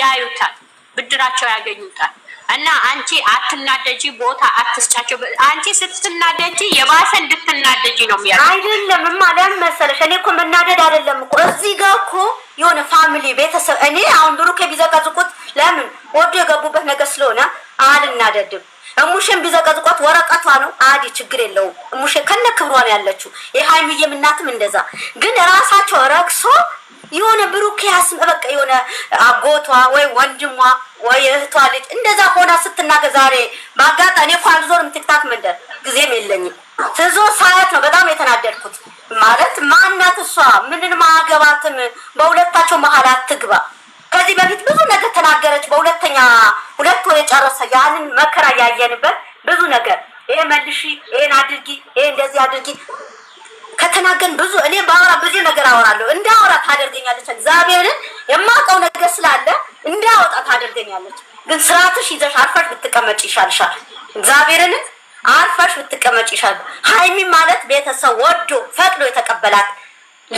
ያዩታል፣ ብድራቸው ያገኙታል። እና አንቺ አትናደጂ፣ ቦታ አትስጫቸው። አንቺ ስትናደጂ የባሰ እንድትናደጂ ነው የሚያ አይደለም። ማለም መሰለሽ እኔ እኮ መናደድ አይደለም እኮ እዚህ ጋር እኮ የሆነ ፋሚሊ ቤተሰብ እኔ አሁን ብሩኬ ቢዘቀዝቁት ለምን ወዶ የገቡበት ነገር ስለሆነ አልናደድም። እሙሽን ቢዘቀዝቋት ወረቀቷ ነው አዲ ችግር የለውም። እሙሽ ከነ ክብሯ ነው ያለችው። የሀይሚዬም እናትም እንደዛ ግን ራሳቸው ረክሶ የሆነ ብሩክ ያስም በቃ የሆነ አጎቷ ወይ ወንድሟ ወይ እህቷ ልጅ እንደዛ ሆና ስትናገር ዛሬ በአጋጣሚ እኮ አልዞርም፣ ቲክታክ መንደር ጊዜም የለኝም። ትዞ ሳያት ነው በጣም የተናደድኩት። ማለት ማናት እሷ? ምንን ማገባትም በሁለታቸው መሀል አትግባ። ከዚህ በፊት ብዙ ነገር ተናገረች። በሁለተኛ ሁለት ወር የጨረሰ ያንን መከራ ያየንበት ብዙ ነገር ይሄ መልሺ፣ ይሄን አድርጊ፣ ይሄ እንደዚህ አድርጊ ገና ግን ብዙ እኔ ባወራ ብዙ ነገር አወራለሁ። እንዳወራ ታደርገኛለች። እግዚአብሔርን የማውቀው ነገር ስላለ እንዳወጣ ታደርገኛለች። ግን ስርዓትሽ ይዘሽ አርፈሽ ብትቀመጭ ይሻልሻል። እግዚአብሔርን አርፈሽ ብትቀመጭ ይሻል። ሀይሚ ማለት ቤተሰብ ወዶ ፈቅዶ የተቀበላት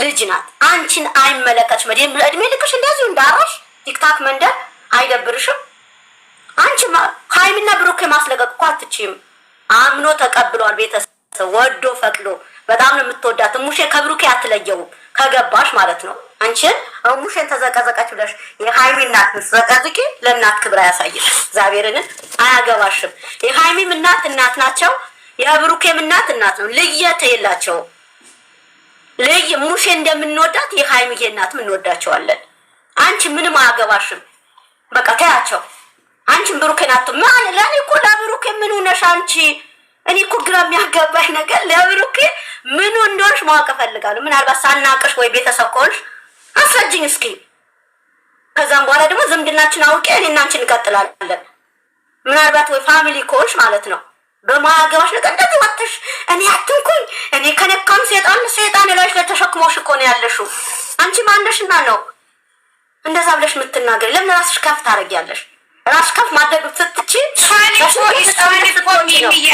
ልጅ ናት። አንቺን አይመለከትሽም። እድሜ ልክሽ እንደዚሁ እንዳራሽ ቲክታክ መንደር አይደብርሽም? አንቺ ሀይሚና ብሩክ ማስለቀቅ እኮ አትችይም። አምኖ ተቀብሏል ቤተሰብ ወዶ ፈቅዶ በጣም ነው የምትወዳት ሙሼ። ከብሩኬ አትለየውም ከገባሽ ማለት ነው። አንቺን ሙሼን ተዘቀዘቀች ብለሽ የሃይሚ እናት ምትዘቀዝቂ ለእናት ክብር አያሳይሽ። እግዚአብሔርን አያገባሽም። የሃይሚም እናት እናት ናቸው፣ የብሩኬም እናት እናት ነው። ልየት የላቸውም። ልይ ሙሼ እንደምንወዳት የሃይሚዬ እናትም እንወዳቸዋለን። አንቺ ምንም አያገባሽም። በቃ ተያቸው። አንቺን ብሩኬን አትም ለእኔ እኮ ለብሩኬ ምን ሆነሽ አንቺ እኔ እኮ ግራ የሚያጋባኝ ነገር ለብሩኬ ምን እንደሆንሽ ማወቅ እፈልጋለሁ። ምናልባት ሳናቅሽ ወይ ቤተሰብ ከሆንሽ አስረጅኝ እስኪ። ከዛም በኋላ ደግሞ ዝምድናችን አውቄ እኔ እና አንቺ እንቀጥላለን። ምናልባት ወይ ፋሚሊ ከሆንሽ ማለት ነው። በማያገባሽ ነገር እንደዚህ ወጥተሽ እኔ አትንኩኝ፣ እኔ ከነካም ሴጣን ሴጣን ላይሽ ላይ ተሸክሞሽ እኮ ነው ያለሽው። አንቺ ማነሽና ነው እንደዛ ብለሽ የምትናገሪ? ለምን ራስሽ ከፍ ታደርጊያለሽ? ራስ ከፍ ማድረግ ስትች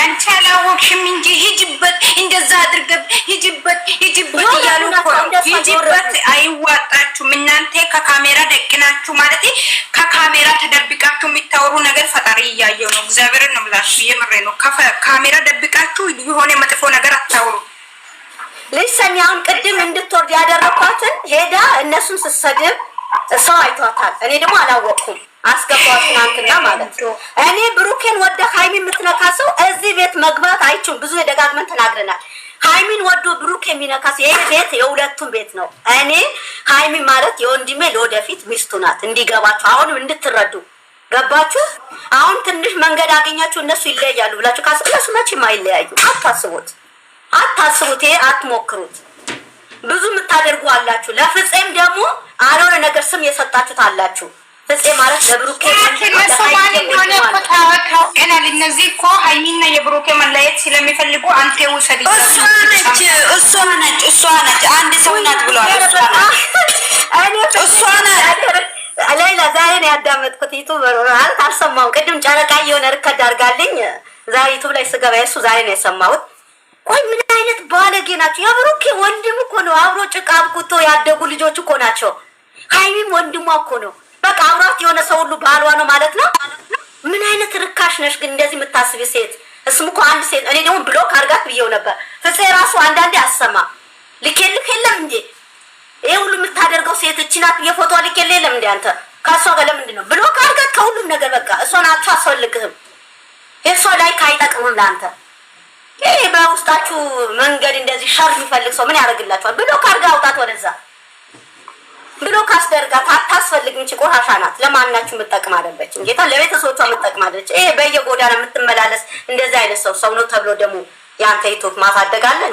አንቺ አላወቅሽም እንጂ ሂጅበት፣ እንደዛ አድርገብ ሂጅበት፣ ሂጅበት እያሉ ሂጅበት። አይዋጣችሁም እናንተ ከካሜራ ደቅናችሁ ማለት ከካሜራ ተደብቃችሁ የሚታወሩ ነገር ፈጣሪ እያየው ነው። እግዚአብሔርን ነው ምላችሁ፣ የምሬ ነው። ካሜራ ደብቃችሁ የሆነ መጥፎ ነገር አታውሩ። ልጅ ሰሚ አሁን ቅድም እንድትወርድ ያደረኳትን ሄዳ እነሱን ስሰድብ ሰው አይቷታል። እኔ ደግሞ አላወቅኩም አስገባው ትናንትና ማለት ነው። እኔ ብሩኬን ወደ ሀይሚ የምትነካ ሰው እዚህ ቤት መግባት አይችልም። ብዙ የደጋግመን ተናግረናል። ሀይሚን ወዶ ብሩክ የሚነካ ሰው ይሄ ቤት የሁለቱም ቤት ነው። እኔ ሀይሚ ማለት የወንድሜ ለወደፊት ሚስቱ ናት። እንዲገባችሁ አሁንም እንድትረዱ ገባችሁ። አሁን ትንሽ መንገድ አገኛችሁ እነሱ ይለያሉ ብላችሁ ካስ እነሱ መቼም አይለያዩ። አታስቡት፣ አታስቡት፣ ይሄ አትሞክሩት። ብዙ የምታደርጉ አላችሁ። ለፍጼም ደግሞ አልሆነ ነገር ስም የሰጣችሁት አላችሁ። ፍፄ ማለት ለብሩኬ እነዚህ እኮ ሀይሚና የብሩኬ መለየት ስለሚፈልጉ አንተ ውሰድ። እሷ ነች እሷ ነች አንድ ሰው ናት ብሏል። እሷ ሌላ ዛሬ ነው ያዳመጥኩት። ዩቱብ ማለት አልሰማሁም። ቅድም ጨረቃ የሆነ ርከድ አድርጋልኝ ዛሬ ዩቱብ ላይ ስገባ ዛሬ ነው የሰማሁት። ቆይ ምን አይነት ባለጌ ናቸው? የብሩኬ ወንድም እኮ ነው። አብሮ ጭቃ አብኩቶ ያደጉ ልጆች እኮ ናቸው። ሀይሚም ወንድሟ እኮ ነው። አብሯት የሆነ ሰው ሁሉ ባሏ ነው ማለት ነው። ምን አይነት ርካሽ ነሽ ግን እንደዚህ የምታስቢ ሴት። እስም እኮ አንድ ሴት እኔ ደግሞ ብሎክ አድርጋት ብዬው ነበር። ፍፄ ራሱ አንዳንዴ አሰማ ልኬልክ የለም እንዴ? ይሄ ሁሉ የምታደርገው ሴት እችናት የፎቶ ልኬል የለም እንዴ? አንተ ከእሷ ጋር ለምንድን ነው ብሎክ አድርጋት ከሁሉም ነገር በቃ። እሷን አቶ አስፈልግህም። ይህ ላይ ካይጠቅምም ለአንተ ይሄ በውስጣችሁ መንገድ እንደዚህ ሸር የሚፈልግ ሰው ምን ያደርግላችኋል? ብሎክ አድርጋ አውጣት ወደዛ ብሎ ካስደርጋት አታስፈልግም። ቺ ቆሻሻ ናት። ለማናችሁ የምጠቅም አይደለችም። ጌታ ለቤተሰቦቿ የምጠቅም አይደለች። ይሄ በየጎዳና የምትመላለስ እንደዚህ አይነት ሰው ሰው ነው ተብሎ ደግሞ የአንተ ዩቱብ ማሳደጋለን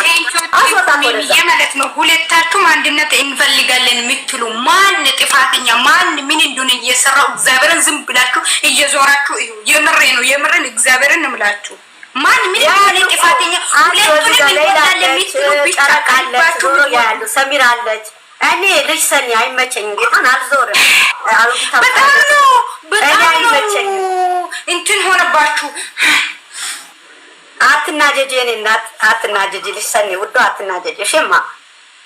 ማለት ነው። ሁለታችሁም አንድነት እንፈልጋለን የምትሉ ማን ጥፋተኛ ማን ምን እንደሆነ እየሰራው እግዚአብሔርን ዝም ብላችሁ እየዞራችሁ እዩ። የምሬ ነው የምርን እግዚአብሔርን እምላችሁ ማን ምን እንደሆነ ጥፋተኛ ሁለቱንም እንወዳለን የምትሉ ያሉ ሰሚር አለች እኔ ልጅ ሰኒ አይመቸኝም። ጌታን አልዞርም። በጣም ነው በጣም ነው እንትን ሆነባችሁ። አትናጀጅ፣ የእኔ እናት አትናጀጅ። ልጅ ሰኒ ውዶ አትናጀጅ። ሽማ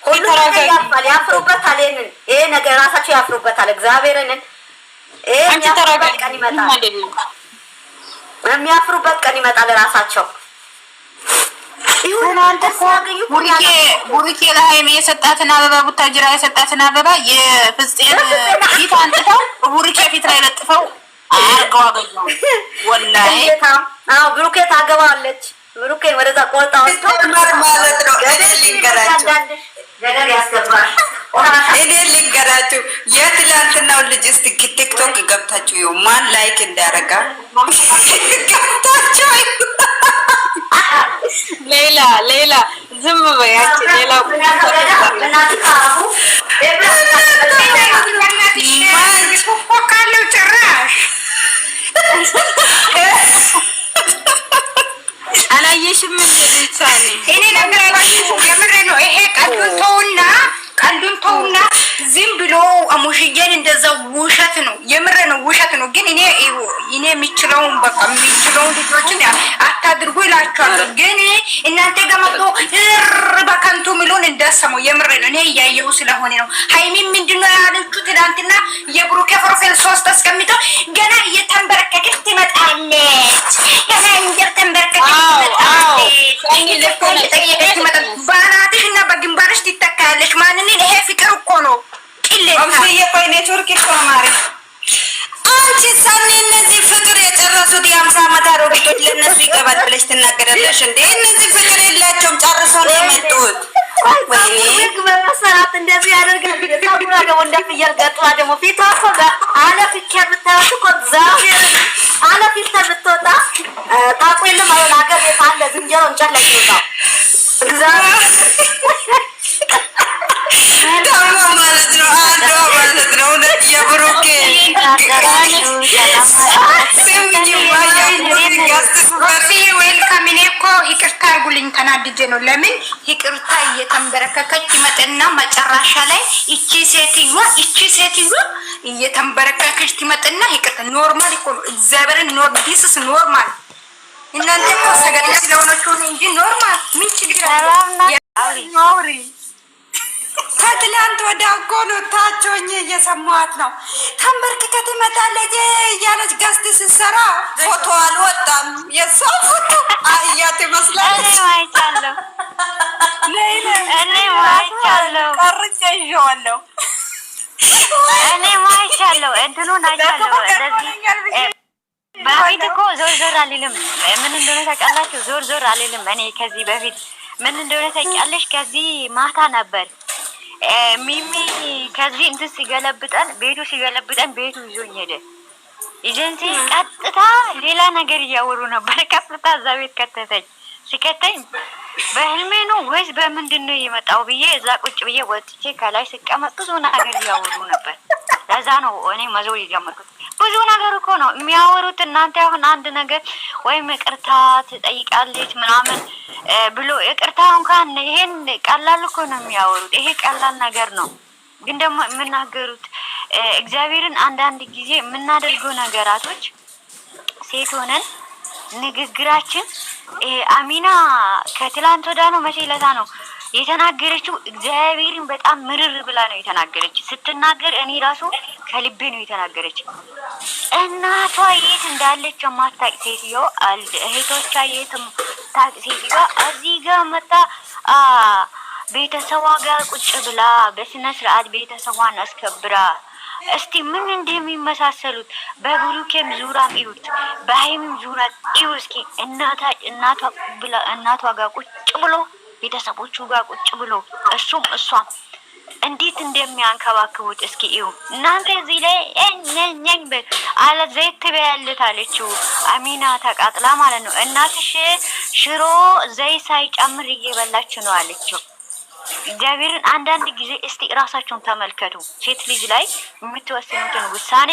ሁሉ ነገር ያልፋል። ያፍሩበታል። ይሄንን ይሄ ነገር ራሳቸው ያፍሩበታል። እግዚአብሔርንን የሚያፍሩበት ቀን ይመጣል። የሚያፍሩበት ቀን ይመጣል ራሳቸው ቡሩኬ ለሀይሜ የሰጣትን አበባ ቡታጅራ የሰጣትን አበባ የፍስጤን ፊት አንጥተው ቡሩኬ ፊት ላይ ለጥፈው አርገው አገኘው። ወላሂ ብሩኬ ታገባዋለች። ብሩኬን ወደዛ ቆርጣ ወስዶ ማለት ነው። እኔ ልንገራችሁ የትላንትናው ልጅ እስቲ ቲክቶክ ገብታችሁ ማን ላይክ እንዳያረጋ ገብታችሁ ሌላ ሌላ ዝም በይ ሌላ ካለው ጭራሽ አላየሽም። እኔ ነገር ነው። ይሄ ቀልዱን ተውና ዝም ብሎ ሙሽዬን እንደዛ ውሸት ነው፣ የምር ነው፣ ውሸት ነው። ግን እኔ እኔ የሚችለውን በቃ የሚችለውን ልጆችን አታድርጉ ይላቸዋለሁ። ግን እናንተ ገመቶ እር በከንቱ ሚሉን እንዳሰሙ የምር ነው። እኔ እያየሁ ስለሆነ ነው። ሀይሚ ምንድነው ያለችው ትናንትና የብሩኬ ፕሮፌል ሶስት አስቀምጠው ገና እየተንበረከከች ትመጣለች። ገና እንጀር ትመጣለች። ነሽ እንዴ? እነዚህ ፍቅር የላቸውም ጨርሶ ነው የመጡት። ወግ በመሰራት እንደዚህ ያደርጋል። ጸጉሯ ደግሞ እንደ ፍየል ገጥማ ደግሞ ፊቷ እኮ አለ ፊልተር ብታወት እኮ እግዚአብሔር አለ ፊልተር ብትወጣ ታውቁ የለም አሁን አገር ቤት አለ ዝንጀሮ እንጨት ላይ ይወጣው ነው። ለምን ይቅርታ እየተንበረከከች ትመጣና መጨረሻ ላይ እቺ ሴትዮዋ እቺ ሴትዮዋ እየተንበረከከች ትመጥና ይቅርታ ኖርማል እኮ ነው። እግዚአብሔርን ኖር ዲስስ ኖርማል እናንተ ሰገደ ስለሆነች እንጂ ኖርማል ምን ችግር አለ? ከትላንት ወደ እኮ ታቾኝ እየሰማት ሆኜ እየሰማኋት ነው። ተንበርክከት ትመጣለች እያለች ገዝት ስትሰራ ፎቶ አልወጣም። የሰው ፎቶ አህያት ይመስላለች። እኔ ማይቻለሁ ቀርጬ ይዤዋለሁ። እንትኑን አይቻለሁ በፊት እኮ ዞር ዞር አልልም። ምን እንደሆነ ታውቃላችሁ? ዞር ዞር አልልም እኔ ከዚህ በፊት ምን እንደሆነ ታውቂያለሽ? ከዚህ ማታ ነበር ሚሚ ከዚህ እንትን ሲገለብጠን ቤቱ ሲገለብጠን ቤቱ ይዞኝ ሄደ። ኤጀንሲ ቀጥታ ሌላ ነገር እያወሩ ነበር። ቀጥታ እዛ ቤት ከተተኝ። ሲከተኝ በህልሜ ነው ወይስ በምንድን ነው የመጣው ብዬ እዛ ቁጭ ብዬ ወጥቼ ከላይ ስቀመጥ ብዙ ነገር እያወሩ ነበር። ለዛ ነው እኔ መዞር የጀመርኩት። ብዙ ነገር እኮ ነው የሚያወሩት። እናንተ አሁን አንድ ነገር ወይም ይቅርታ ትጠይቃለች ምናምን ብሎ ይቅርታ እንኳን ይሄን ቀላል እኮ ነው የሚያወሩት። ይሄ ቀላል ነገር ነው፣ ግን ደግሞ የምናገሩት እግዚአብሔርን አንዳንድ ጊዜ የምናደርገው ነገራቶች ሴት ሆነን ንግግራችን አሚና ከትላንት ወዳ ነው መቼ ለታ ነው የተናገረችው እግዚአብሔርን በጣም ምርር ብላ ነው የተናገረች። ስትናገር እኔ ራሱ ከልቤ ነው የተናገረች። እናቷ የት እንዳለች የማታውቅ ሴትዮ እህቶቿ የት ታውቅ ሴትዮ እዚህ ጋር መጣ ቤተሰቧ ጋር ቁጭ ብላ በስነ ስርዓት ቤተሰቧን አስከብራ እስቲ ምን እንደሚመሳሰሉት በብሩኬም ዙራ እዩት፣ በሀይሚም ዙራ እዩ እስኪ እናቷ እናቷ ጋር ቁጭ ብሎ ቤተሰቦቹ ጋር ቁጭ ብሎ እሱም እሷም እንዴት እንደሚያንከባክቡት እስኪ እዩ እናንተ። እዚህ ላይ ኛኛኝ አለ ዘይት ትበያለት አለችው አሚና ተቃጥላ ማለት ነው። እናትሽ ሽሮ ዘይት ሳይጨምር እየበላች ነው አለችው። እግዚአብሔርን አንዳንድ ጊዜ እስቲ እራሳችሁን ተመልከቱ። ሴት ልጅ ላይ የምትወስኑትን ውሳኔ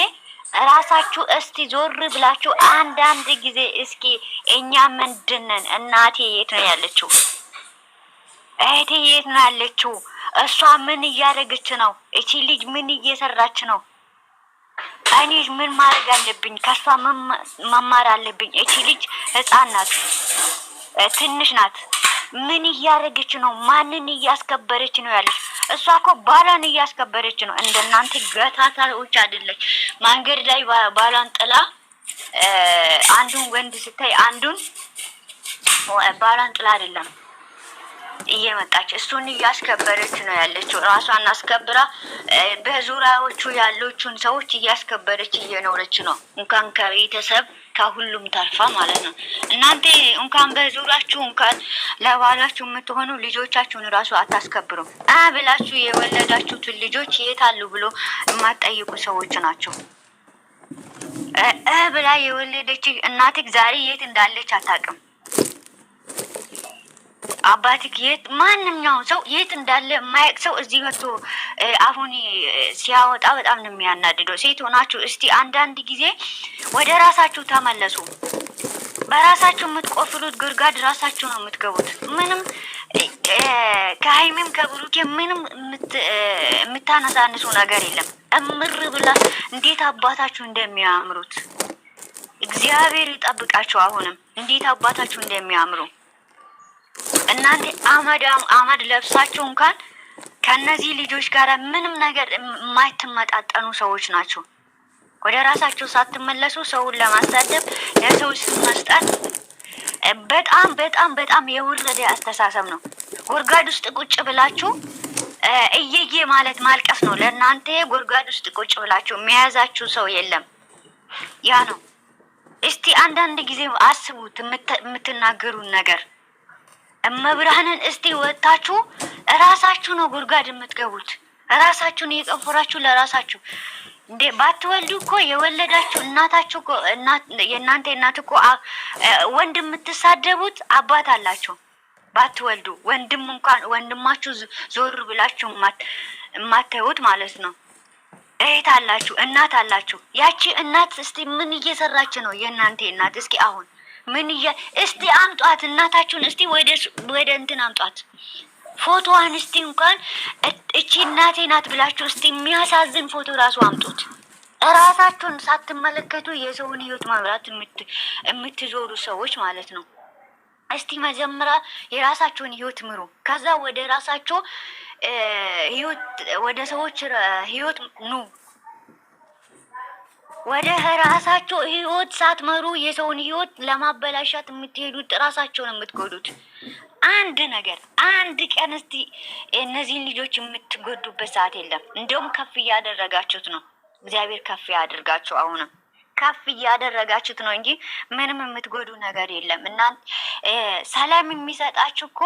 ራሳችሁ እስቲ ዞር ብላችሁ አንዳንድ ጊዜ እስኪ እኛ ምንድን እናቴ የት ነው ያለችው? እህቴ የት ነው ያለችው? እሷ ምን እያደረገች ነው? እቺ ልጅ ምን እየሰራች ነው? እኔ ምን ማድረግ አለብኝ? ከእሷ መማር አለብኝ። እቺ ልጅ ህፃን ናት፣ ትንሽ ናት። ምን እያደረገች ነው? ማንን እያስከበረች ነው ያለች? እሷ እኮ ባሏን እያስከበረች ነው። እንደናንተ ገታታዎች አይደለች። መንገድ ላይ ባሏን ጥላ አንዱን ወንድ ስታይ አንዱን ባሏን ጥላ አይደለም እየመጣች እሱን እያስከበረች ነው ያለችው። ራሷን አስከብራ በዙሪያዎቹ ያለችውን ሰዎች እያስከበረች እየኖረች ነው። እንኳን ከቤተሰብ ከሁሉም ተርፋ ማለት ነው። እናንተ እንኳን በዙሪያችሁ እንኳን ለባላችሁ የምትሆኑ ልጆቻችሁን ራሱ አታስከብሩም። አ ብላችሁ የወለዳችሁትን ልጆች የት አሉ ብሎ የማትጠይቁ ሰዎች ናቸው። እ ብላ የወለደች እናትህ ዛሬ የት እንዳለች አታውቅም። አባትህ የት ማንኛውም ሰው የት እንዳለ የማያውቅ ሰው እዚህ መቶ አሁን ሲያወጣ በጣም ነው የሚያናድደው። ሴት ሆናችሁ እስቲ አንዳንድ ጊዜ ወደ ራሳችሁ ተመለሱ። በራሳችሁ የምትቆፍሉት ጉድጓድ ራሳችሁ ነው የምትገቡት። ምንም ከሀይሜም ከብሩኬ ምንም የምታነሳንሱ ነገር የለም። እምር ብላ እንዴት አባታችሁ እንደሚያምሩት እግዚአብሔር ይጠብቃችሁ። አሁንም እንዴት አባታችሁ እንደሚያምሩ እናንተ አመድ አመድ ለብሳችሁ እንኳን ከነዚህ ልጆች ጋር ምንም ነገር የማይትመጣጠኑ ሰዎች ናቸው። ወደ ራሳቸው ሳትመለሱ ሰውን ለማሳደብ ለሰው ስም መስጠት በጣም በጣም በጣም የወረደ አስተሳሰብ ነው። ጉድጓድ ውስጥ ቁጭ ብላችሁ እየዬ ማለት ማልቀስ ነው ለእናንተ። ጉድጓድ ውስጥ ቁጭ ብላችሁ የሚያዛችሁ ሰው የለም። ያ ነው። እስቲ አንዳንድ ጊዜ አስቡት የምትናገሩን ነገር እመብርሃንን እስቲ ወጥታችሁ እራሳችሁ ነው ጉድጓድ የምትገቡት። እራሳችሁን እየቀፈራችሁ ለራሳችሁ እንዴ ባትወልዱ እኮ የወለዳችሁ እናታችሁ እኮ የእናንተ እናት እኮ ወንድ የምትሳደቡት አባት አላቸው። ባትወልዱ ወንድም እንኳን ወንድማችሁ ዞር ብላችሁ የማታዩት ማለት ነው። እህት አላችሁ፣ እናት አላችሁ። ያቺ እናት እስቲ ምን እየሰራች ነው? የእናንተ እናት እስኪ አሁን ምን እያ እስቲ አምጧት፣ እናታችሁን እስቲ ወደ እንትን አምጧት፣ ፎቶዋን እስቲ እንኳን እቺ እናቴ ናት ብላችሁ እስቲ የሚያሳዝን ፎቶ ራሱ አምጡት። እራሳችሁን ሳትመለከቱ የሰውን ህይወት ማብራት የምትዞሩ ሰዎች ማለት ነው። እስቲ መጀመሪያ የራሳችሁን ህይወት ምሩ። ከዛ ወደ ራሳችሁ ህይወት ወደ ሰዎች ህይወት ኑ። ወደ ራሳቸው ህይወት ሳትመሩ የሰውን ህይወት ለማበላሻት የምትሄዱት ራሳቸውን የምትጎዱት። አንድ ነገር አንድ ቀን እስቲ እነዚህን ልጆች የምትጎዱበት ሰዓት የለም። እንዲሁም ከፍ እያደረጋችሁት ነው። እግዚአብሔር ከፍ ያደርጋችሁ። አሁንም ከፍ እያደረጋችሁት ነው እንጂ ምንም የምትጎዱ ነገር የለም። እና ሰላም የሚሰጣችሁ እኮ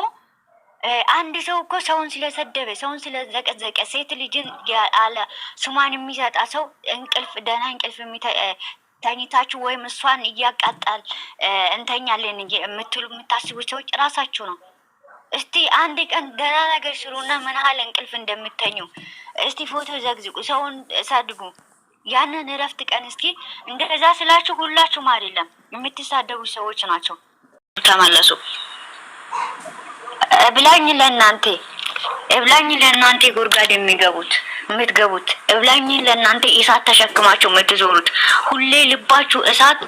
አንድ ሰው እኮ ሰውን ስለሰደበ ሰውን ስለዘቀዘቀ ሴት ልጅን አለ ስሟን የሚሰጣ ሰው እንቅልፍ ደህና እንቅልፍ ተኝታችሁ ወይም እሷን እያቃጣል እንተኛለን የምትሉ የምታስቡ ሰዎች እራሳችሁ ነው። እስቲ አንድ ቀን ደህና ነገር ስሩና ምን ያህል እንቅልፍ እንደምተኙ እስቲ ፎቶ ዘግዝቁ፣ ሰውን ሰድቡ። ያንን እረፍት ቀን እስኪ እንደዛ ስላችሁ ሁላችሁም አይደለም የምትሳደቡ ሰዎች ናቸው። ተመለሱ። እብላኝ ለእናንተ እብላኝ ለእናንተ ጉድጓድ የሚገቡት የምትገቡት እብላኝ ለእናንተ እሳት ተሸክማችሁ የምትዞሩት ሁሌ ልባችሁ እሳት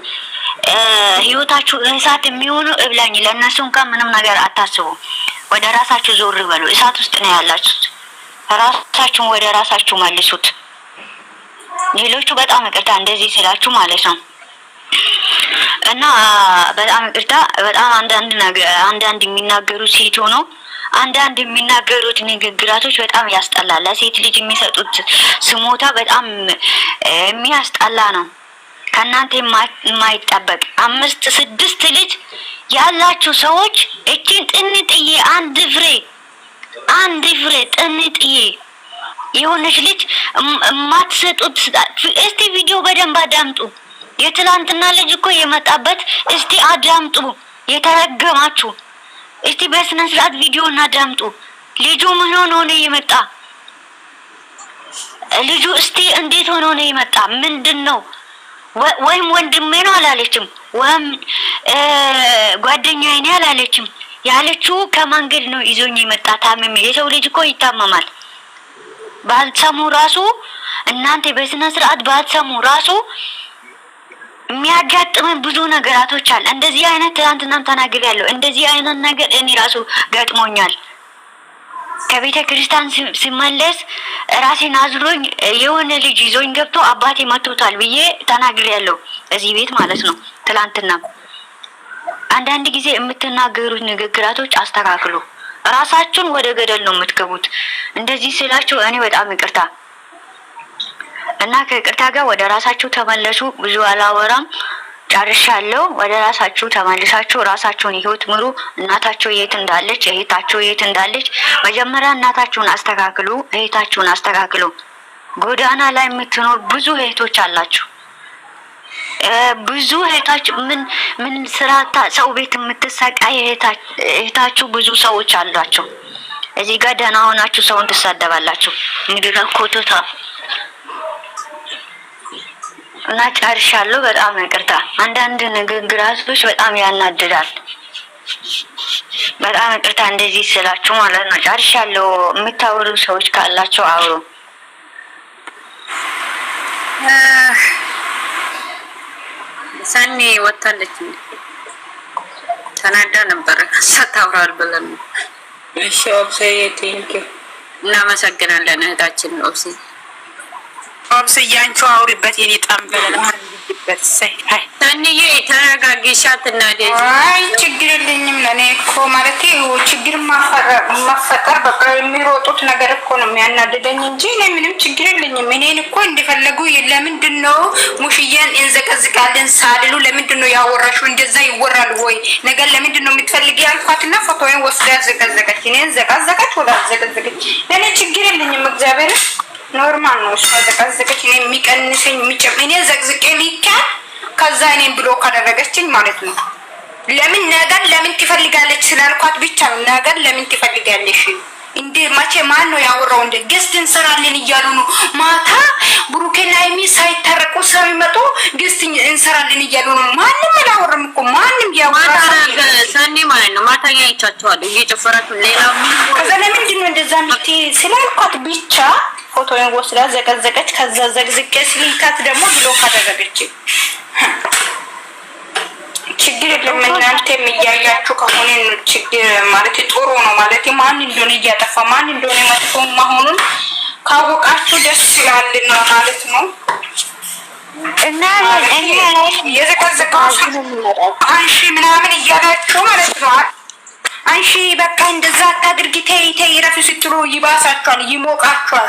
ህይወታችሁ እሳት የሚሆኑ እብላኝ ለእነሱ እንኳን ምንም ነገር አታስቡ። ወደ ራሳችሁ ዞር በሉ። እሳት ውስጥ ነው ያላችሁት። ራሳችሁን ወደ ራሳችሁ መልሱት። ሌሎቹ በጣም ይቅርታ እንደዚህ ስላችሁ ማለት ነው። እና በጣም ይቅርታ በጣም አንዳንድ አንዳንድ የሚናገሩት ሴት ሆኖ አንዳንድ የሚናገሩት ንግግራቶች በጣም ያስጠላል። ለሴት ልጅ የሚሰጡት ስሞታ በጣም የሚያስጠላ ነው። ከእናንተ የማይጠበቅ አምስት ስድስት ልጅ ያላችሁ ሰዎች እችን ጥንጥዬ አንድ ፍሬ አንድ ፍሬ ጥንጥዬ የሆነች ልጅ የማትሰጡት እስቲ ቪዲዮ በደንብ አዳምጡ። የትናንትና ልጅ እኮ የመጣበት እስቲ አዳምጡ፣ የተረገማችሁ እስቲ በስነ ስርዓት ቪዲዮ አዳምጡ። ልጁ ምን ሆኖ ነው የመጣ? ልጁ እስቲ እንዴት ሆኖ ነው የመጣ? ምንድን ነው? ወይም ወንድሜ ነው አላለችም፣ ወይም ጓደኛዬ ነው አላለችም። ያለችው ከመንገድ ነው ይዞኝ የመጣ ታምሜ። የሰው ልጅ እኮ ይታመማል። ባልሰሙ ራሱ እናንተ በስነ ስርዓት ባልሰሙ ራሱ የሚያጋጥመን ብዙ ነገራቶች አለ። እንደዚህ አይነት ትናንትናም ያለው እንደዚህ አይነት ነገር እኔ ራሱ ገጥሞኛል። ከቤተ ክርስቲያን ሲመለስ ራሴን አዝሎኝ የሆነ ልጅ ይዞኝ ገብቶ አባቴ መቶታል ብዬ ያለው እዚህ ቤት ማለት ነው። ትናንትና አንዳንድ ጊዜ የምትናገሩት ንግግራቶች አስተካክሉ። ራሳችሁን ወደ ገደል ነው የምትገቡት። እንደዚህ ስላችሁ እኔ በጣም ይቅርታ እና ከይቅርታ ጋር ወደ ራሳችሁ ተመለሱ። ብዙ አላወራም ጨርሻለሁ። ወደ ራሳችሁ ተመልሳችሁ ራሳችሁን ህይወት ምሩ። እናታችሁ የት እንዳለች፣ እህታችሁ የት እንዳለች፣ መጀመሪያ እናታችሁን አስተካክሉ፣ እህታችሁን አስተካክሉ። ጎዳና ላይ የምትኖር ብዙ እህቶች አላችሁ። ብዙ እህታችሁ ምን ምን ስራታ ሰው ቤት የምትሰቃይ እህታችሁ ብዙ ሰዎች አሏቸው። እዚህ ጋር ደህና ሆናችሁ ሰውን ትሳደባላችሁ። ምንድነው ኮቶታ እና ጨርሻለሁ። በጣም ይቅርታ። አንዳንድ ንግግራቶች በጣም ያናድዳል። በጣም ይቅርታ እንደዚህ ስላችሁ ማለት ነው። ጨርሻለሁ። የምታወሩ ሰዎች ካላቸው አውሩ። ሰኔ ወታለች ተናዳ ነበረ ሳታውራል ብለን እሺ። ኦብሴ እናመሰግናለን እህታችን ኦብሴ ኦብስያንቹ አውሪበት የኔ ጣምበለ በት ሰይታንዬ ተረጋጊ። ሻትናደ አይ ችግር የለኝም። ለእኔ እኮ ማለት ችግር ማፈጠር በቃ የሚሮጡት ነገር እኮ ነው የሚያናድደኝ እንጂ እኔ ምንም ችግር የለኝም። እኔን እኮ እንደፈለጉ ለምንድን ነው ሙሽዬን እንዘቀዝቃለን ሳልሉ ለምንድን ነው ያወራሹ? እንደዛ ይወራል ወይ ነገር ለምንድን ነው የምትፈልግ ያልኳትና ፎቶዬን ወስዳ ያዘቀዘቀች እኔን ዘቃዘቀች ወዳ ዘቀዘቀች። ለእኔ ችግር የለኝም እግዚአብሔር ኖርማል ነው። እሷ ዘቀዘቀች፣ እኔ የሚቀንሰኝ የሚጨምር እኔ ዘቅዝቄ ሊካ ከዛ እኔን ብሎ ካደረገችኝ ማለት ነው። ለምን ነገር ለምን ትፈልጋለች ስላልኳት ብቻ ነው። ነገር ለምን ትፈልጋለሽ እንዴ? መቼ ማን ነው ያወራው? እንደ ገስት እንሰራለን እያሉ ነው። ማታ ብሩኬና ሀይሚ ሳይታረቁ ስለሚመጡ ገስት እንሰራለን እያሉ ነው። ማንም አላወራም እኮ ማንም ያወራ ሰኔ ማለት ነው። ማታ ያይቻቸዋለሁ እየጨፈራችሁ ሌላ ከዛ ለምንድን ነው እንደዛ ምት ስላልኳት ብቻ ፎቶን ወስዳ ዘቀዘቀች። ከዛ ዘግዝቄ ሲልካት ደግሞ ብሎክ አደረገች። ችግር የለም እናንተ የሚያያችሁ ከሆነ ችግር ማለት ጥሩ ነው ማለት ማን እንደሆነ እያጠፋ ማን እንደሆነ መጥፎ መሆኑን ካወቃችሁ ደስ ይላል ነው ማለት ነው። እና የዘቀዘቀው አንሺ ምናምን እያላችሁ ማለት ነው። አንሺ በቃ እንደዛ አታድርጊ ተይ ተይ ረፊ ስትሉ ይባሳችኋል፣ ይሞቃችኋል።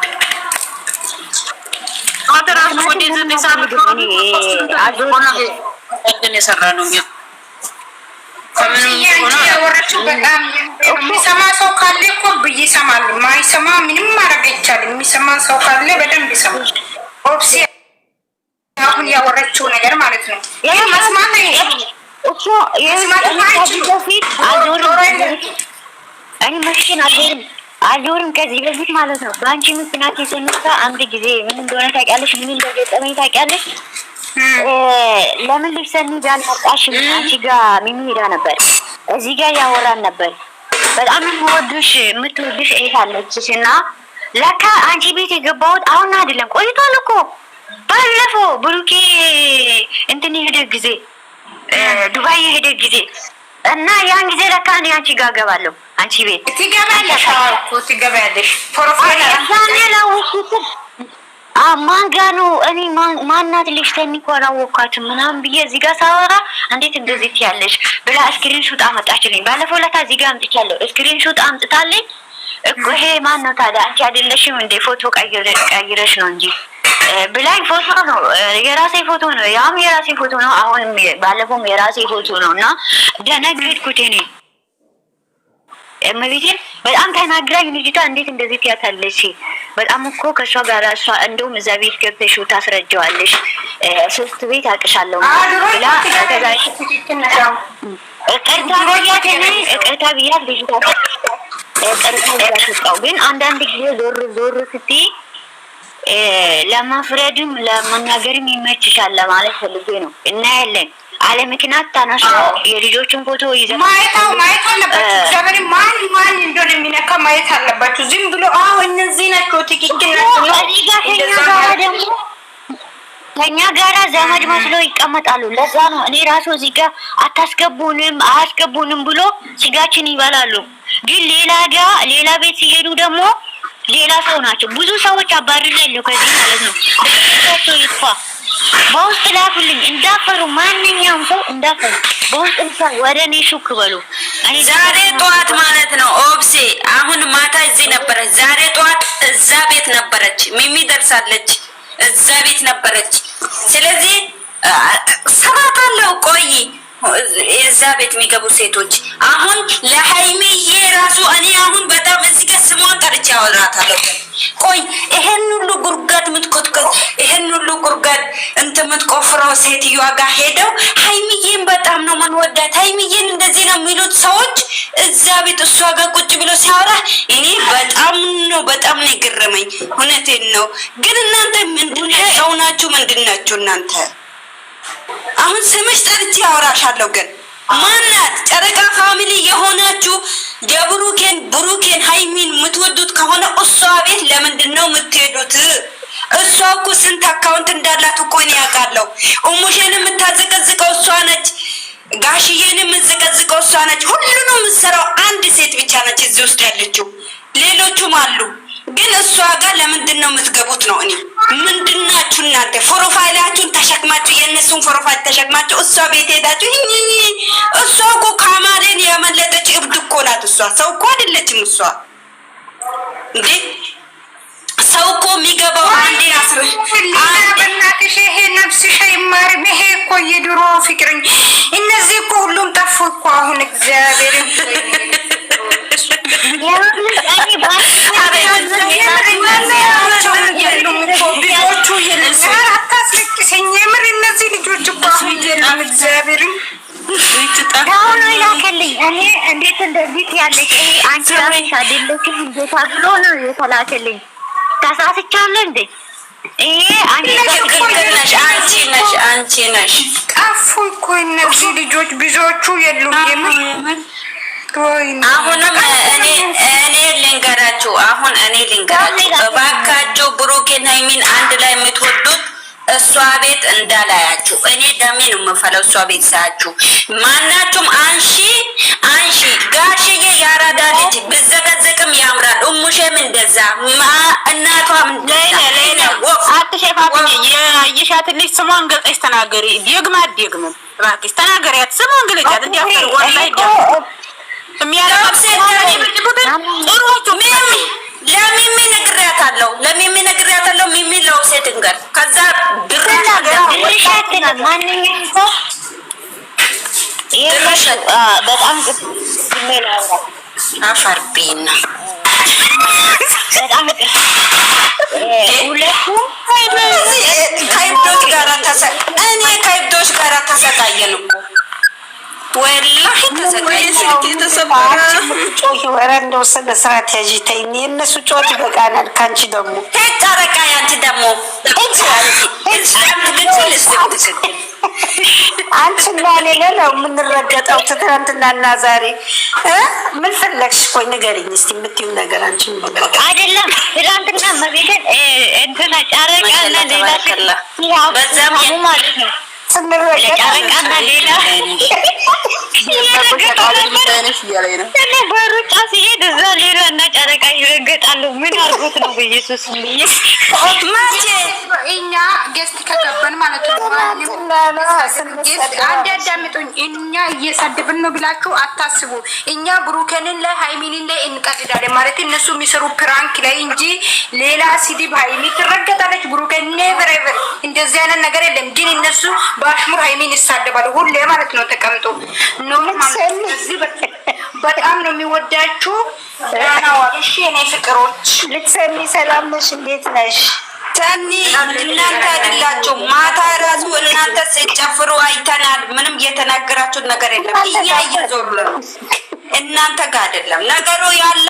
የሰራ ነው ያወራችው የሚሰማ ሰው ካለ እኮ ብዬ ይሰማል። ማይሰማ ምንም ማድረግ አይቻልም። የሚሰማ ሰው ካለ በደንብ ይሰማል። ኦፕሲ አሁን ያወራችው ነገር ማለት ነው። ይሄ መስማት እኮ ይሄ መስማት አይሆንም ከዚህ በፊት ማለት ነው። በአንቺ ምክንያት የተነሳ አንድ ጊዜ ምን እንደሆነ ታውቂያለሽ? ምን እንደገጠመኝ ታውቂያለሽ? ለምን ልብሰን ይዛል ልመጣሽ አንቺ ጋር ሚሚ ሄዳ ነበር፣ እዚህ ጋር ያወራን ነበር። በጣም የምወዱሽ የምትወዱሽ እህት አለችሽ እና ለካ አንቺ ቤት የገባሁት አሁን አይደለም ቆይቷል እኮ ባለፈው ብሩኬ እንትን የሄደ ጊዜ ዱባይ የሄደ ጊዜ እና ያን ጊዜ ለካ አንቺ ጋር ገባለሁ አንቺ ቤት ትገባለሽ እኮ ትገባለሽ። ማን ጋ ነው? እኔ ማናት ልጅ ተኒ እኮ አላወቅኳትም ምናምን ብዬ እዚህ ጋር ሳወራ እንዴት እንደዚህ ትያለሽ ብላ እስክሪን ሹት አመጣችልኝ። ባለፈው ዕለት እዚህ ጋር አምጥቻለሁ። እስክሪን ሹት አምጥታለኝ እኮ ይሄ ማን ነው ታዲያ? አንቺ አይደለሽም እንዴ? ፎቶ ቀይረሽ ነው እንጂ ብላኝ ፎቶ ነው የራሴ ፎቶ ነው፣ ያም የራሴ ፎቶ ነው። አሁን ባለፈውም የራሴ ፎቶ ነው እና ደነገጥኩት እኔ እመቤቴን በጣም ተናግራኝ ልጅቷ እንዴት እንደዚህ ትያታለች? በጣም እኮ ከእሷ ጋር እሷ እንደውም እዛ ቤት ገብተሽ ታስረጀዋለሽ፣ ሶስት ቤት አቅሻለሁ ቅርታ እቅርታ ብያት ልጅቷ እቅርታ ብያት ወጣሁ። ግን አንዳንድ ጊዜ ዞር ዞር ስትይ ለመፍረድም ለመናገርም ይመችሻል ለማለት ፈልጌ ነው። እናያለን አለ ምክንያት ታናሽ የልጆችን ፎቶ ይዘ ማየት ማየት አለባችሁ። እግዚአብሔር ማን ማን እንደሆነ የሚነካ ማየት አለባችሁ። ዝም ብሎ አዎ እነዚህ ናቸው ትክክል ናቸው። ከኛ ጋራ ዘመድ መስሎ ይቀመጣሉ። ለዛ ነው እኔ ራሱ እዚህ ጋር አታስገቡንም አያስገቡንም ብሎ ስጋችን ይበላሉ። ግን ሌላ ጋ ሌላ ቤት ሲሄዱ ደግሞ ሌላ ሰው ናቸው። ብዙ ሰዎች አባሪ ላይ ከዚህ ማለት ነው ይጥፋ በውስጥ ላኩልኝ እንዳፈሩ ማንኛውም ሰው እንዳፈሩ በውስጥ ልሳ ወደ እኔ ሹክ በሉ። ዛሬ ጠዋት ማለት ነው ኦብሴ፣ አሁን ማታ እዚህ ነበረች። ዛሬ ጠዋት እዛ ቤት ነበረች። ሚሚ ደርሳለች፣ እዛ ቤት ነበረች። ስለዚህ ሰባት አለው ቆይ እዛ ቤት የሚገቡ ሴቶች አሁን ለሀይሜዬ ራሱ እኔ አሁን በጣም እዚህ ጋር ስሟን ጠርቼ አወራታለሁ። ቆይ ይሄን ሁሉ ጉርጋድ ምትቆጥቀጥ ይሄን ሁሉ ጉርጋድ እንትን ምትቆፍረው ሴትዮዋ ጋር ሄደው ሀይሚዬን በጣም ነው መንወዳት ሀይሚዬን እንደዚህ ነው የሚሉት ሰዎች እዛ ቤት እሷ ጋር ቁጭ ብሎ ሲያወራ እኔ በጣም ነው በጣም ነው የገረመኝ። እውነቴን ነው። ግን እናንተ ምንድን ሰው ናችሁ? ምንድን ናችሁ እናንተ? አሁን ስምሽ ጠርቼ አውራሻለሁ። ግን ማናት ጨረቃ ፋሚሊ የሆናችሁ የብሩኬን ብሩኬን ሀይሚን የምትወዱት ከሆነ እሷ ቤት ለምንድን ነው የምትሄዱት? እሷ እኮ ስንት አካውንት እንዳላት እኮ እኔ ያውቃለሁ። እሙሽን የምታዘቀዝቀው እሷ ነች። ጋሽዬን የምዘቀዝቀው እሷ ነች። ሁሉንም የምትሰራው አንድ ሴት ብቻ ነች እዚህ ውስጥ ያለችው፣ ሌሎቹም አሉ። ግን እሷ ጋር ለምንድን ነው የምትገቡት? ነው እኔ ምንድናችሁ እናንተ ፕሮፋይላችሁን ተሸክማችሁ የእነሱን ፕሮፋይል ተሸክማችሁ እሷ ቤት ሄዳችሁ እሷ እኮ ከአማሬን የመለጠች እብድ እኮ ናት። እሷ ሰው እኮ አይደለችም። እሷ እንዴ ሰው እኮ የሚገባው አንዴ አስር በእናትሽ ይሄ ነፍስሽ ይሄ እኮ የድሮ ፍቅርኝ። እነዚህ እኮ ሁሉም ጠፉ እኮ አሁን እግዚአብሔር አታስለቅሰኝ። የምር እነዚህ ልጆች እኮ አሁን እግዚአብሔርን ላከልኝ። እኔ እንዴት እንደዚህ ያለች አንቺ ራስሽ አይደለሽም ጌታ ብሎ ነው የተላከልኝ። ተሳስቻለሁ እንዴ? ይሄ አንቺ ጠፉ እኮ እነዚህ ልጆች ብዙዎቹ የሉም የምር አሁንም እኔ ልንገራችሁ አሁን እኔ ልንገራችሁ እባካችሁ ብሩኬን ሀይሚን አንድ ላይ የምትወዱት እሷ ቤት እንዳላያችሁ እኔ ደሜ ነው የምፈለው። እሷ ቤት ሳያችሁ ማናችሁም አንሺ አንሺ ጋሽዬ ያራዳ ልጅ ብዘቀዘቅም ያምራል። እሙሼም እንደዛ እናቷም የሻት ልጅ ስሟን ገልጠሽ ተናገሪ። ደግማ ደግምም እባክሽ ተናገሪያት ስሟን ግለጫት እንዲያፈር ወላይ ለሚሚ ነግሬያታለሁ። ለሚሚ ነግሬያታለሁ። ሚሚ ለውሴት እንገር ከዛ ከይብዶች ጋር ተሰቃየን እኮ ወላሂ ተሰጣጭ ወረ እንደው ስነ ስርዓት ያዥ ተይ። የእነሱ ጨዋታ ይበቃናል። ከአንቺ ደግሞ ጨረቃ ያንቺ ደግሞ አንቺና ሌላ ነው የምንረገጠው። ትናንትናና ዛሬ ምን ፈለግሽ? ቆይ ንገሪኝ እስኪ የምትይው ነገር አንቺ አይደለም። ትናንትና መቤትን እንትና ጨረቃ እና ሌላ በዛ ማለት ነው በሩጫ ሲሄድ እዛ ሌላ እና ጨረቃ ይረገጣሉ። ምን አድርጎት ነው? በኢየሱስ እኛ ጌስት ከገባን ማለት ነው። አንድ አዳምጡኝ። እኛ እየሳደብን ነው ብላችሁ አታስቡ። እኛ ብሩከንን ላይ ሀይሚንን ላይ እንቀልዳለን ማለት እነሱ የሚሰሩ ፕራንክ ላይ እንጂ ሌላ ሲዲ ሀይሚ ትረገጣለች። ብሩኬን ኔቨር ኤቨር እንደዚህ አይነት ነገር የለም ግን እነሱ በአሽሙር ሀይሚን ይሳደባል ሁሌ ማለት ነው። ተቀምጦ በጣም ነው የሚወዳችሁ። እሺ እኔ ፍቅሮች ልትሰሚ ሰላም ነሽ? እንዴት ነሽ? ሰኒ እናንተ አይደላችሁ ማታ ራሱ እናንተ ስጨፍሩ አይተናል። ምንም የተናገራችሁት ነገር የለም። እያየ ዞር እናንተ ጋር አይደለም ነገሩ ያለ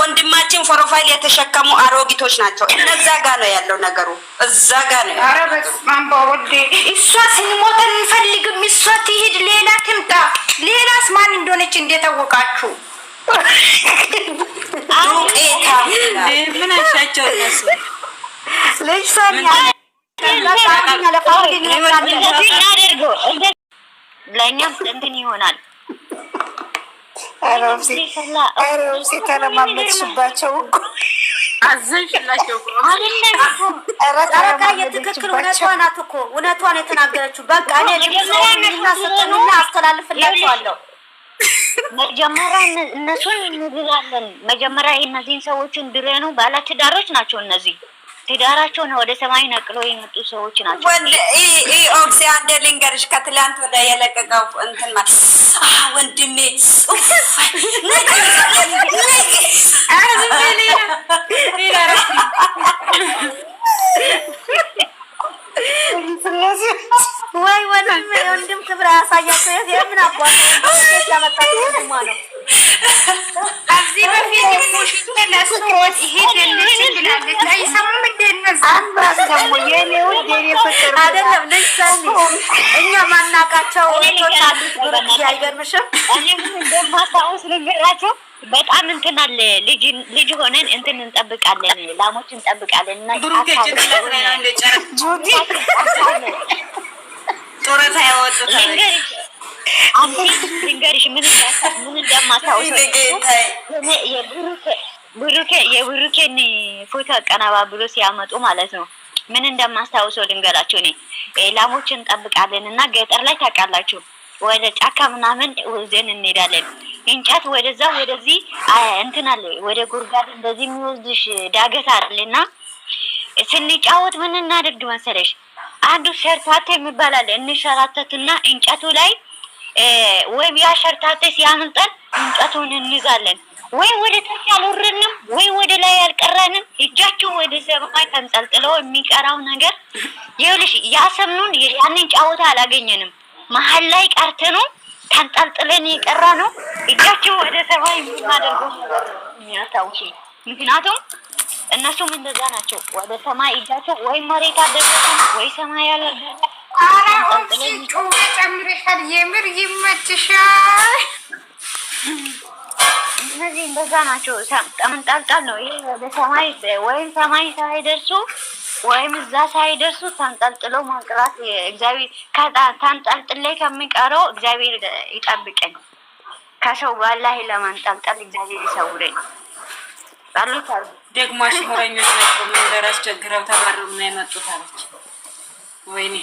ወንድማችን ፕሮፋይል የተሸከሙ አሮጊቶች ናቸው። እነዛ ጋ ነው ያለው ነገሩ፣ እዛ ጋ ነው። ኧረ በስመ አብ ወወልድ። እሷ ስንሞት እንፈልግም። እሷ ትሂድ፣ ሌላ ትምጣ። ሌላስ ማን እንደሆነች እንዴት አወቃችሁ? ምን አሻቸው እነሱ ልጅ ሰሚ ለእኛም እንትን ይሆናል ረብሴ ተለማመጥሽባቸው እኮ አዘንሽላቸው። ትክክል እውነቷ ናት እኮ እውነቷን የተናገረችው። በቃ ስጥና አስተላልፍላቸዋለሁ። መጀመሪያ እነሱን እንድራለን። መጀመሪያ እነዚህን ሰዎችን ድሬኑ ባለትዳሮች ናቸው እነዚህ ትዳራቸውን ወደ ሰማይ ነቅሎ የመጡ ሰዎች ናቸው። ኦክሲ አንድ ሊንገርሽ ከትላንት ወደ የለቀቀው እንትን ማለት ወንድሜ ወይ ወንድም ክብር አያሳያቸው የምን አባ ነው ከዚህ በፊት ሙሽት ለስሞት ይሄደልች ብላለች። አይሰሙም አይደለም ልጅ እኛ ማናቃቸው ወቶች አሉት ብሩክ አይገርምሽም? እንደማታውቁ ስለምራቸው በጣም እንትን አለ ልጅ ሆነን እንትን እንጠብቃለን፣ ላሞች እንጠብቃለን እና ጡረታ ያወጡታል ልንገርሽ ምን እንደማታውሽ የብሩኬን ፎቶ አቀናባ ብሎ ሲያመጡ ማለት ነው። ምን እንደማስታውሰው ልንገራችሁ። እኔ ላሞችን እንጠብቃለን እና ገጠር ላይ ታውቃላችሁ፣ ወደ ጫካ ምናምን ወዘን እንሄዳለን። እንጨት ወደዛ ወደዚህ እንትን አለ፣ ወደ ጉርጋድ እንደዚህ የሚወስድሽ ዳገት አለ እና ስንጫወት ምን እናደርግ መሰለሽ አንዱ ሸርታቴ የሚባል አለ። እንሸራተትና እንጨቱ ላይ ወይ ያሸርታቴ ሲያምልጠን እንጨቱን እንይዛለን ወይ ወደ ታች አልወረንም ወይ ወደ ላይ አልቀረንም። እጃቸው ወደ ሰማይ ተንጠልጥለው የሚቀራው ነገር ይኸውልሽ፣ ያሰምኑን ያንን ጫወታ አላገኘንም። መሀል ላይ ቀርተኑ ተንጠልጥለን የቀራ ነው። እጃቸው ወደ ሰማይ የምናደርገው የሚያስታውሽ፣ ምክንያቱም እነሱም እንደዛ ናቸው። ወደ ሰማይ እጃቸው ወይ መሬት አደረሰን ወይ ሰማይ ያለ ይመችሻል። የምር ይመችሻል። እነዚህ እንደዛ ናቸው። ተንጠልጠል ነው። ይሄ ወይም ሰማይ ሳይደርሱ ወይም እዛ ሳይደርሱ ተንጠልጥሎ ማቅራት እግዚአብሔር ተንጠልጥሌ ከሚቀረው እግዚአብሔር ይጠብቀኝ። ከሰው ጋር ለማንጠልጠል እግዚአብሔር ይሰውረኝ። ጸሎት አሉ ደግሞ አሽሙረኞች ናቸው። መንደር አስቸግረው ተባረው ምን አለች። ወይኔ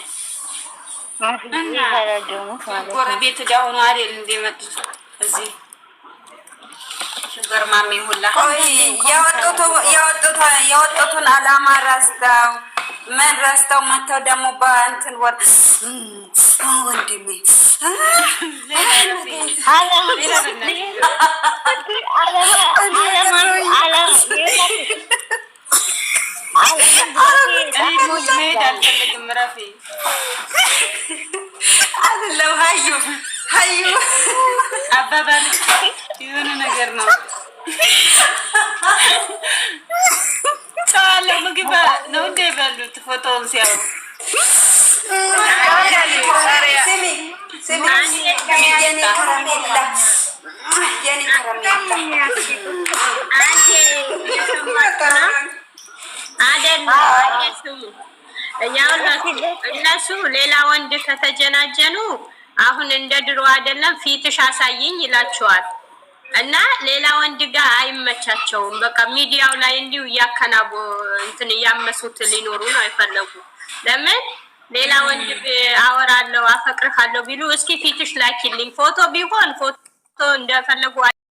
ጎረቤት እዳ ሆኖ አይደል እንደመጡት እዚህ ችግር ማሜ ሁላ ያወጡትን አላማ ረስተው ምን ረስተው መተው ደግሞ በእንትን ወር ወንድሜ አለ ውጭ መሄድ አልፈልግም። ረፊ አይደለም ሀዩ ሀዩ አባባል የሆነ ነገር ነው። ሰዋለ ምግብ ነው እንደ ይበሉት ፎቶውን ሲያዩ የኔ ከረሜላ አይደለም እነሱ ሌላ ወንድ ከተጀናጀኑ አሁን እንደ ድሮ አይደለም፣ ፊትሽ አሳይኝ ይላቸዋል እና ሌላ ወንድ ጋር አይመቻቸውም። በቃ ሚዲያው ላይ እንዲሁ እያከናቦ እንትን እያመሱት ሊኖሩ ነው የፈለጉ። ለምን ሌላ ወንድ አወራለሁ አፈቅርካለሁ ቢሉ እስኪ ፊትሽ ላኪልኝ ፎቶ ቢሆን ፎቶ እንደፈለጉ